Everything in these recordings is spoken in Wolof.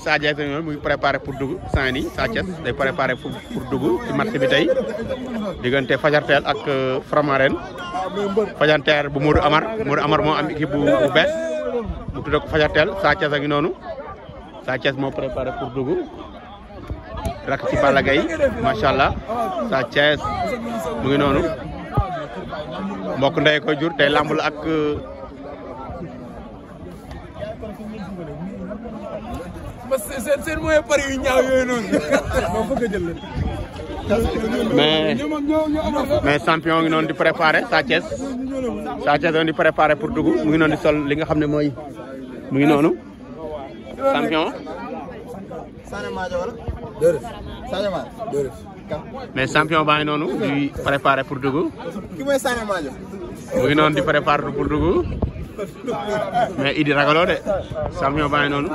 Sadio Aguero muy préparé pour dugg saa nii Sa Thiès day préparé pour dugg ci match bi tey diggante Fajarteel ak euh, Framaren Fajarteel bu Modou Amar Modou Amar moo am équipe bu bu mu tudd Fajarteel Sa Thiès a noonu Sa Thiès moo préparé pour dugg rakk ci Balla macha allah Sa mu ngi noonu mbokk ndey koy jur tey làmb ak. Euh, seen seen mooy pari yu ñaaw yooyu noonu. mais mais champion ngi noonu di préparé Sa Thiès Sa di préparé pour dugg mu ngi noonu di sol li nga xam ne mooy mu ngi noonu champion. mais champion baa ngi noonu di préparé pour dugg. ki mooy Sané mu ngi di préparé pour dugg. mais Idi ragaloo de champion baa ngi noonu.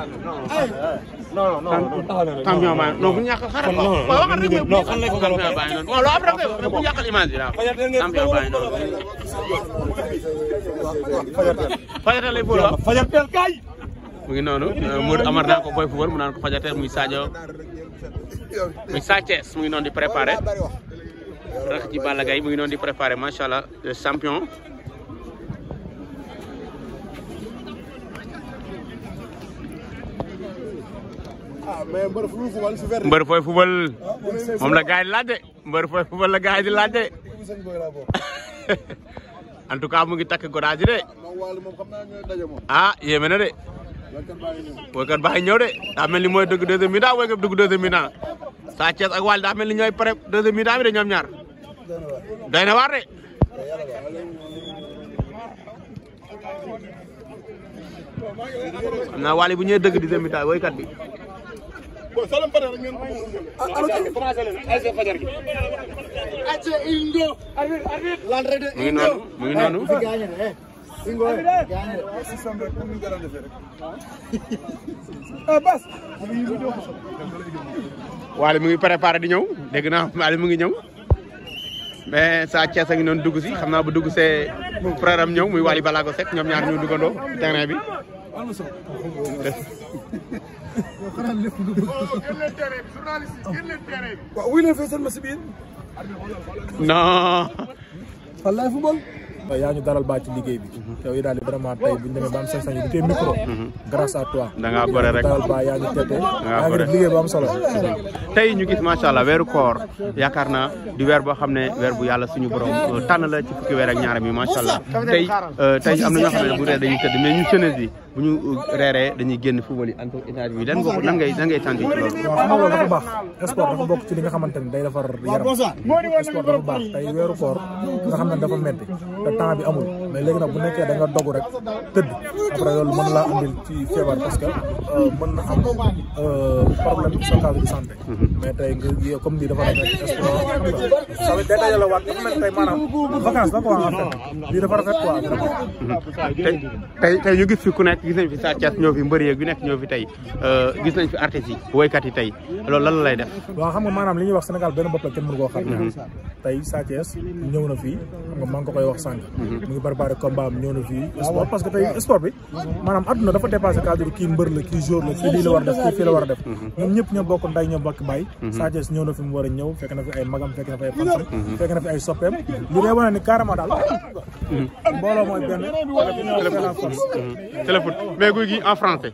non non non champion baa ngi noonu bu champion baa ngi noonu waaw ngi noonu. mu ngi noonu Modou Amar naan ko boy mu naan ko fajatel muy Sadio muy mu ngi noonu di préparé. rak ci Balla mu ngi noonu di préparé macha allah champion. mbër fooy fubal moom la gars yi di laajte fooy fubal la gars yi di laajte tout cas mu ngi takk godaji de ah yéeme na de woykat baa ngi ñëw de daa mel ni mooy dëgg deuxième mi-temps woykat dugg deuxième mi-temps Sa ak Wally daa ni ñooy pare deuxième mi-temps bi de ñoom ñaar doy de xam naa Wally bu ñëwee dëgg deuxième mi-temps woykat bi bon salam pare rek mu ngi noonu di ñëw dégg naa Waly mu ngi ñëw mais sa Thiès a ngi dugg si xam naa bu dugg see frère ñëw muy Waly Balago Seck ñoom ñaar ñu duggandoo terrain bi yow xanaa lépp oh, football. yaa ñu daral baa ci liggéey bi. yow yi daal di tey bu ñu demee ba am sañ bu tee micro. Mhm. grâce à toi. da ngaa bëre rek daral baa yaa ñu tete. da ngaa tey ñu gis macha allah weeru koor yaakaar naa di weer boo xam ne weer bu yàlla suñu borom euh, tànn la ci fukki weer ak ñaar allah tey euh, tey am na ñoo xam ne bu dee dañuy tëdd mais ñu jeunesse bu ñu euh, reeree dañuy génn football yi en tant état bi lan nga lan ngay lan ngay tànn ci loolu. xam bokk ci li nga xamante ni day defar yaram sport dafa baax tey weeru koor nga xam ne dafa metti te temps bi amul. mais léegi nag bu nekkee da nga dogu rek tëdd après loolu mën laa andil ci feebar parce que euh, mën na am euh, problème sa case de santé. Mhm. mais tey nga comme ni dafa rafet est-ce que ça veut day dajale waat dafa nekk tey maanaam vacance la quoi en fait lii dafa rafet quoi mhm. tey tey tey ñu gis fi ku nekk gis nañ fi Sa Thiès ñoo fi mbëri yeeg bi nekk ñoo fi tey euh, gis nañ fi artistes yi woykat yi tey loolu lan lay def waaw xam nga maanaam li ñuy wax Sénégal benn bopp la kenn mënu koo xam mhm. tey Sa Thiès ñëw na fii xam nga maa ngi ko koy wax sànq mu ngi bari préparé combat am ñëw ah sport parce que tey sport bi maanaam adduna dafa dépassé cadre kii mbër la kii jour la kii lii la war a def kii fii la war def mm-hmm. ñoom ñëpp ñoo bokk nday ñoo bokk bàyyi mm-hmm. Sa ñëw na fi war ñëw fekk na fi ay magam fekk na fi ay paxam mm-hmm. fekk na fi ay soppeem li day wane ni carrément daal mbooloo benn téléphone mais guy gi en français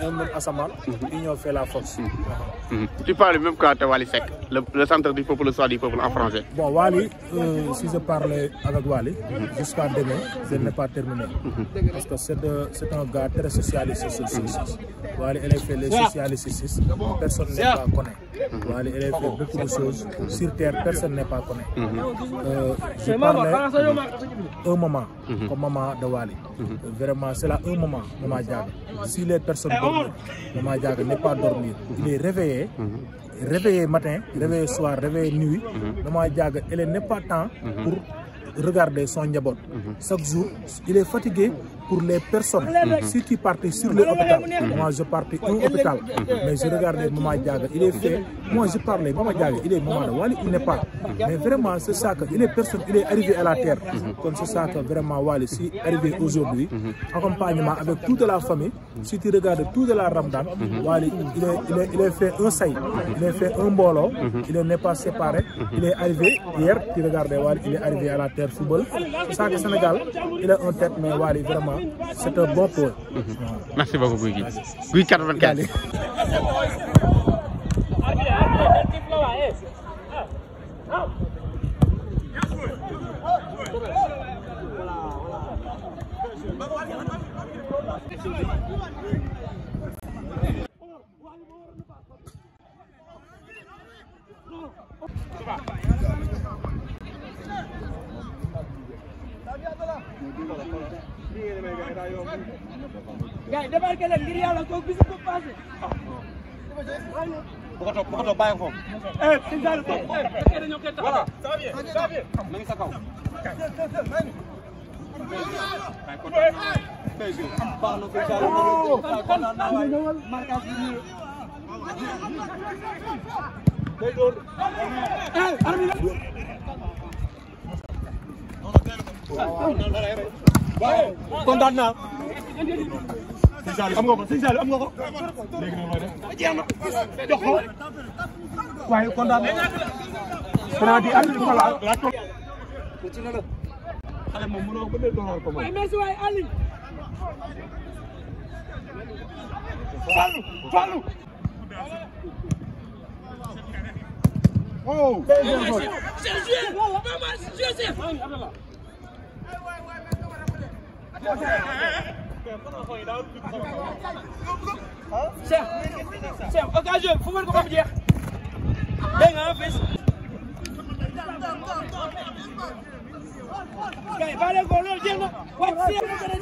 un même asamaan. Mhm. union fait la force. Mhm. Mhm. tu parles même quand tu Wally Seck le le centre du peuple le du peuple en français. bon Wally euh, si je parlais avec Wally. jusqu'à demain je n'ai pas terminé. parce que c'est un gars très socialiste. Wally elle a fait personne ne la Wally elle a fait beaucoup de choses mhm. sur terre personne n'est pas connu mhm. euh, je parlais un moment mhm. comme maman de Wally vraiment c'est là un moment maman Diaga si les personnes eh, dorment oh! maman Diaga n'est pas dormir il est réveillé matin réveillé soir réveillé nuit maman Diaga elle n'est pas temps pour regarder son chaque jour il est fatigué pour les personnes. Mm-hmm. Mm-hmm. ceux qui partaient sur les hôpitaux. Mm-hmm. Moi, je partais au hôpital. Mais je regardais Maman Diaga, il est fait. Moi, je parlais Maman Diaga, il est Maman de Wali, il n'est pas. Mais vraiment, c'est ça que il est personne, il est arrivé à la terre. Comme c'est ça que vraiment Wali, si arrivé aujourd'hui, accompagnement avec toute la famille, si tu regardes toute la Ramadan, Wali, il est, il, est, il est fait un saïd, il est fait un bolo, il n'est pas séparé. Il est arrivé hier, tu regardais Wali, il est arrivé à la terre football. C'est ça que Sénégal, il est en tête, mais Wali, vraiment. c'est un bon point. Mhm. merci beaucoup Guy gi Guy 95. gars yi débarqué leen ngir yàlla kooku bisu ko passé. bu ko topp bu ko topp bàyyi ko foofu. eh sëñ Saalum toog foofu fekkee dañoo koy taxaw. voilà na ngi sa kaw. baax na sëñ Saalum. kontaan naa waay marquage bi nii day door. kontaan naa. sëñ Saalum am nga ko sëñ Saalum am nga ko léegi noonu lay def jeex na jox ko waaye kontaan naa. xanaa di ànd ko la xale moom mënoo ba dee dooral ko moom. Fallou Fallou. oh. Cheikh Cheikh occasion fu war ko ba mu jeex dégg nga fis kay bale ko loolu jeex na